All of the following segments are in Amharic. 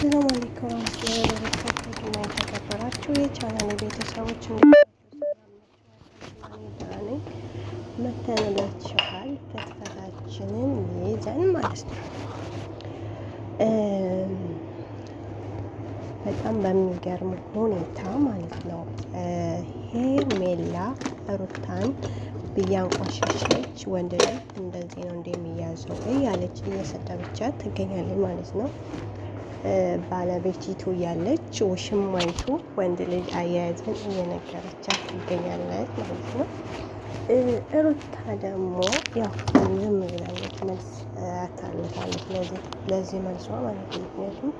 አሰላሙ አለይኩም ወራህመቱላሂ ወበረካቱህ። እና የተከበራችሁ የቻናሌ ቤተሰቦች እንደሆነ መተንላችኋል። ፍትፈታችንን ይዘን ማለት ነው። በጣም በሚገርም ሁኔታ ማለት ነው ሄርሜላ ሩታን ብያንቋሸሸች ወንድ ልጅ እንደዚህ ነው እንደሚያዘው እያለች እየሰደበቻት ትገኛለች ማለት ነው። ባለቤቲቱ ያለች ውሽማይቱ ወንድ ልጅ አያያዝን እየነገረቻት ይገኛል ማለት ነው። እሩታ ደግሞ ያው ዝም ብላለች፣ መልስ አታለታለች ለዚህ መልሷ ማለት ነው። ምክንያቱም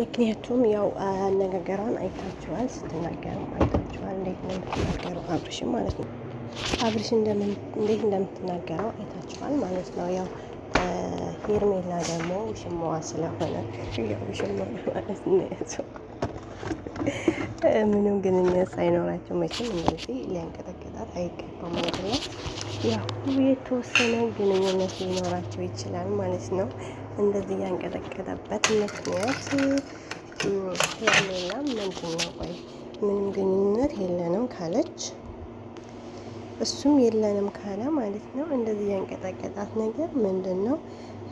ምክንያቱም ያው አነጋገሯን አይታችኋል፣ ስትናገርም አይታችኋል። እንዴት ነው የምትናገረው አብርሽም ማለት ነው። አብርሽ እንዴት እንደምትናገረው አይታችኋል ማለት ነው። ያው ሄርሜላ ደግሞ ውሽማዋ ስለሆነ ውሽማ ማለት ነው። ምንም ግንኙነት ሳይኖራቸው መቼም እንደዚህ ሊያንቀጠቅጣት አይገባም ማለት ነው። ያው የተወሰነ ግንኙነት ሊኖራቸው ይችላል ማለት ነው። እንደዚህ ያንቀጠቀጠበት ምክንያት ሄርሜላ ምንድን ነው? ቆይ ምንም ግንኙነት የለንም ካለች እሱም የለንም ካለ ማለት ነው። እንደዚህ ያንቀጠቀጣት ነገር ምንድን ነው?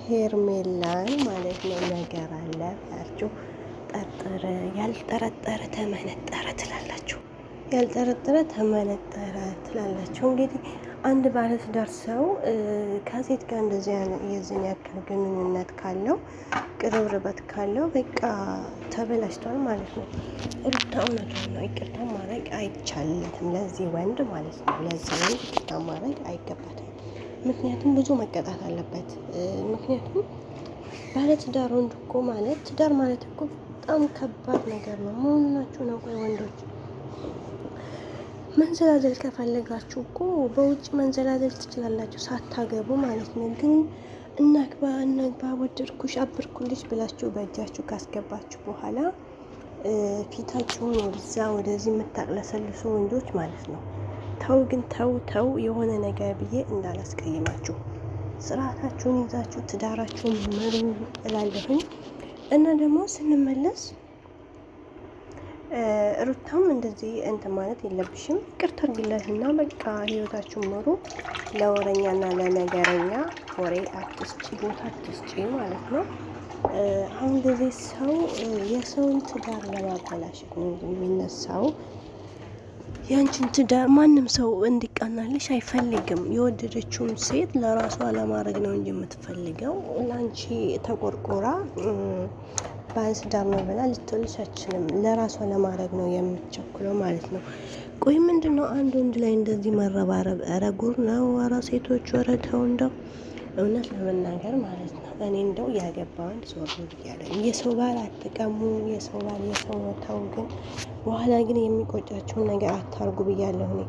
ሄርሜላን ማለት ነው። ነገር አለ ያላችሁ ጠርጥር፣ ያልጠረጠረ ተመነጠረ ትላላችሁ፣ ያልጠረጠረ ተመነጠረ ትላላችሁ እንግዲህ አንድ ባለትዳር ሰው ከሴት ጋር እንደዚያ የዚህን ያክል ግንኙነት ካለው ቅርብርበት ካለው በቃ ተበላሽቷል ማለት ነው። ሩታ እውነቱ ነው። ይቅርታ ማድረግ አይቻልለትም ለዚህ ወንድ ማለት ነው። ለዚህ ወንድ ይቅርታ ማድረግ አይገባትም። ምክንያቱም ብዙ መቀጣት አለበት። ምክንያቱም ባለትዳር ወንድ እኮ ማለት ትዳር ማለት እኮ በጣም ከባድ ነገር ነው። መሆኑናችሁ ነው። ወንዶች መንዘላዘል ከፈለጋችሁ እኮ በውጭ መንዘላዘል ትችላላችሁ፣ ሳታገቡ ማለት ነው። ግን እናግባ እናግባ፣ ወደድኩሽ፣ አብርኩልሽ ብላችሁ በእጃችሁ ካስገባችሁ በኋላ ፊታችሁን ወደዛ ወደዚህ የምታቅለሰልሱ ወንዶች ማለት ነው። ተው ግን ተው ተው፣ የሆነ ነገር ብዬ እንዳላስቀይማችሁ ስርዓታችሁን ይዛችሁ ትዳራችሁን ምሩ እላለሁኝ እና ደግሞ ስንመለስ ሩታም እንደዚህ እንትን ማለት የለብሽም። ይቅርታ አድርጊለትና በቃ ህይወታችሁን ኑሩ። ለወረኛና ለነገረኛ ወሬ አትስጪ፣ ቦታ አትስጪ ማለት ነው። አሁን ጊዜ ሰው የሰውን ትዳር ለማበላሸት ነው የሚነሳው። ያንቺን ትዳር ማንም ሰው እንዲቀናልሽ አይፈልግም። የወደደችውን ሴት ለራሷ ለማድረግ ነው እንጂ የምትፈልገው ለአንቺ ተቆርቆራ ባለትዳር ነው ብላ ልትልሻችንም ለራሷ ለማድረግ ነው የምትቸኩለው ማለት ነው። ቆይ ምንድን ነው አንድ ወንድ ላይ እንደዚህ መረባረብ? ኧረ ጉር ነው! ኧረ ሴቶች ኧረ ተው እንደው እውነት ለመናገር ማለት ነው እኔ እንደው ያገባውን ዞር ብያለሁ። የሰው ባል አትቀሙ፣ የሰው ባል የሰው ተው። ግን በኋላ ግን የሚቆጫቸውን ነገር አታርጉ ብያለሁ እኔ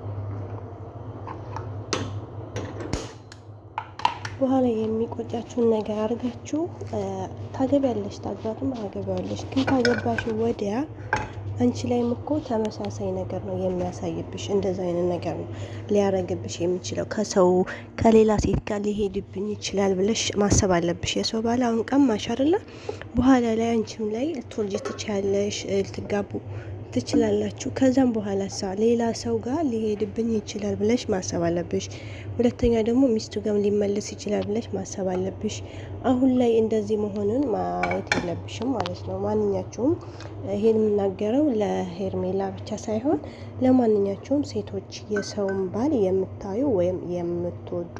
በኋላ የሚቆጫችሁን ነገር አድርጋችሁ ታገቢያለሽ፣ ታግባትም አገቢያለሽ። ግን ካገባሽ ወዲያ አንቺ ላይም እኮ ተመሳሳይ ነገር ነው የሚያሳይብሽ። እንደዛ አይነት ነገር ነው ሊያረግብሽ የሚችለው። ከሰው ከሌላ ሴት ጋር ሊሄድብኝ ይችላል ብለሽ ማሰብ አለብሽ። የሰው ባል አሁን ቀማሽ አይደለ? በኋላ ላይ አንቺም ላይ ልትወልጂ ትችያለሽ፣ ልትጋቡ ትችላላችሁ። ከዛም በኋላ ሳ ሌላ ሰው ጋር ሊሄድብኝ ይችላል ብለሽ ማሰብ አለብሽ። ሁለተኛ ደግሞ ሚስቱ ጋም ሊመለስ ይችላል ብለሽ ማሰብ አለብሽ። አሁን ላይ እንደዚህ መሆኑን ማየት የለብሽም ማለት ነው። ማንኛችሁም ይሄን የምናገረው ለሄርሜላ ብቻ ሳይሆን ለማንኛችሁም ሴቶች የሰውን ባል የምታዩ ወይም የምትወዱ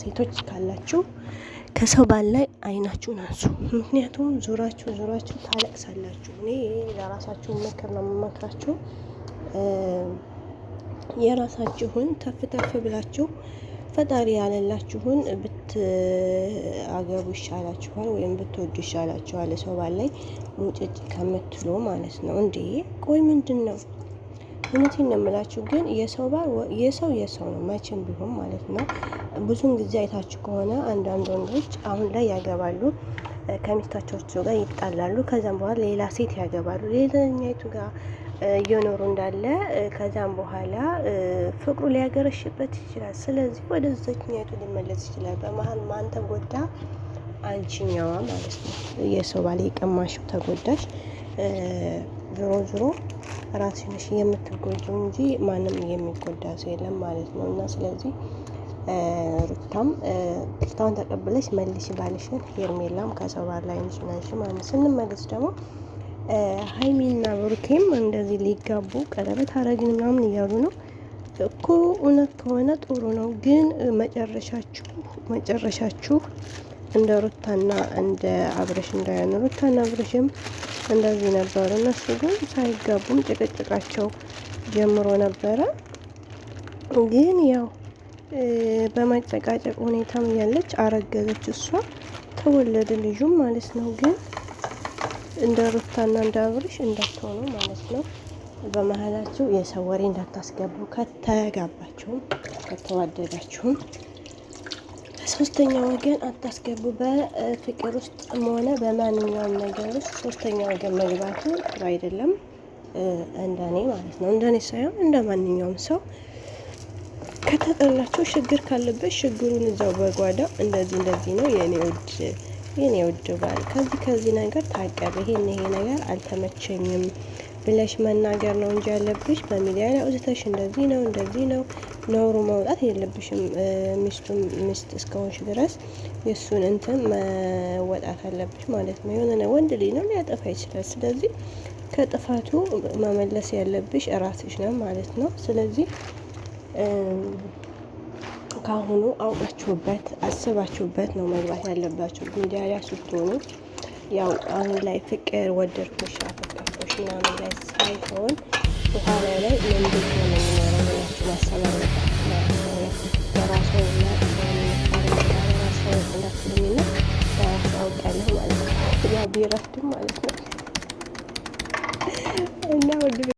ሴቶች ካላችሁ ከሰው ባል ላይ አይናችሁን አንሱ። ምክንያቱም ዙራችሁ ዙራችሁ ታለቅሳላችሁ። እኔ ለራሳችሁ መከር ነው የምመክራችሁ። የራሳችሁን ተፍ ተፍ ብላችሁ ፈጣሪ ያለላችሁን ብትአገቡ ይሻላችኋል፣ ወይም ብትወዱ ይሻላችኋል። ሰው ባል ላይ ሙጭጭ ከምትሉ ማለት ነው። እንዴ ቆይ ምንድን ነው እውነቴን ነው የምላችሁ። ግን የሰው ባል የሰው የሰው ነው መቼም ቢሆን ማለት ነው። ብዙን ጊዜ አይታችሁ ከሆነ አንዳንድ ወንዶች አሁን ላይ ያገባሉ፣ ከሚስታቸው ጋር ይጣላሉ። ከዛም በኋላ ሌላ ሴት ያገባሉ፣ ሌላኛይቱ ጋር እየኖሩ እንዳለ ከዛም በኋላ ፍቅሩ ሊያገረሽበት ይችላል። ስለዚህ ወደ ዛችኛይቱ ሊመለስ ይችላል። በመሀል ማን ተጎዳ? አንቺኛዋ ማለት ነው። የሰው ባል የቀማሽው ተጎዳሽ። ዞሮ ዞሮ ራስሽ የምትጎጂው እንጂ ማንም የሚጎዳ ሰው የለም ማለት ነው። እና ስለዚህ ሩታም ቅርታውን ተቀብለሽ መልሽ ባልሽን ሄርሜላም ከሰው ላይ ንሽናንሽ ማለት ስንመለስ ደግሞ ሀይሚና ብሩኬም እንደዚህ ሊጋቡ ቀለበት አረግን ምናምን እያሉ ነው እኮ እውነት ከሆነ ጥሩ ነው፣ ግን መጨረሻችሁ መጨረሻችሁ እንደ ሩታና እንደ አብረሽ እንዳይሆኑ ሩታና አብረሽም እንደዚህ ነበሩ። እነሱ ግን ሳይጋቡም ጭቅጭቃቸው ጀምሮ ነበረ። ግን ያው በመጨቃጨቅ ሁኔታም እያለች አረገዘች እሷ ተወለደ ልጁም ማለት ነው። ግን እንደ ሩታና እንደ አብረሽ እንዳትሆኑ ማለት ነው። በመሀላችሁ የሰው ወሬ እንዳታስገቡ ከተጋባችሁም ከተዋደዳችሁም ሶስተኛ ወገን አታስገቡ። በፍቅር ውስጥም ሆነ በማንኛውም ነገር ውስጥ ሶስተኛ ወገን መግባቱ ጥሩ አይደለም። እንደኔ ማለት ነው። እንደኔ ሳይሆን እንደ ማንኛውም ሰው ከተጠላቸው ችግር ካለበት ችግሩን እዛው በጓዳ እንደዚህ እንደዚህ ነው የኔ ውድ የኔ ውድ ባል ከዚህ ከዚህ ነገር ታቀብ፣ ይሄን ይሄ ነገር አልተመቸኝም ብለሽ መናገር ነው እንጂ ያለብሽ በሚዲያ ላይ አውጥተሽ እንደዚህ ነው እንደዚህ ነው ኖሩ መውጣት የለብሽም። ሚስቱም ሚስት እስከሆንሽ ድረስ የእሱን እንትን መወጣት አለብሽ ማለት ነው። የሆነ ወንድ ልጅ ነው ሊያጠፋ ይችላል። ስለዚህ ከጥፋቱ መመለስ ያለብሽ እራስሽ ነው ማለት ነው። ስለዚህ ከአሁኑ አውቃችሁበት አስባችሁበት ነው መግባት ያለባችሁ ሚዲያ ላይ ስትሆኑ። ያው አሁን ላይ ፍቅር ወደድኩሽ ምናምን ላይ ሳይሆን በኋላ ላይ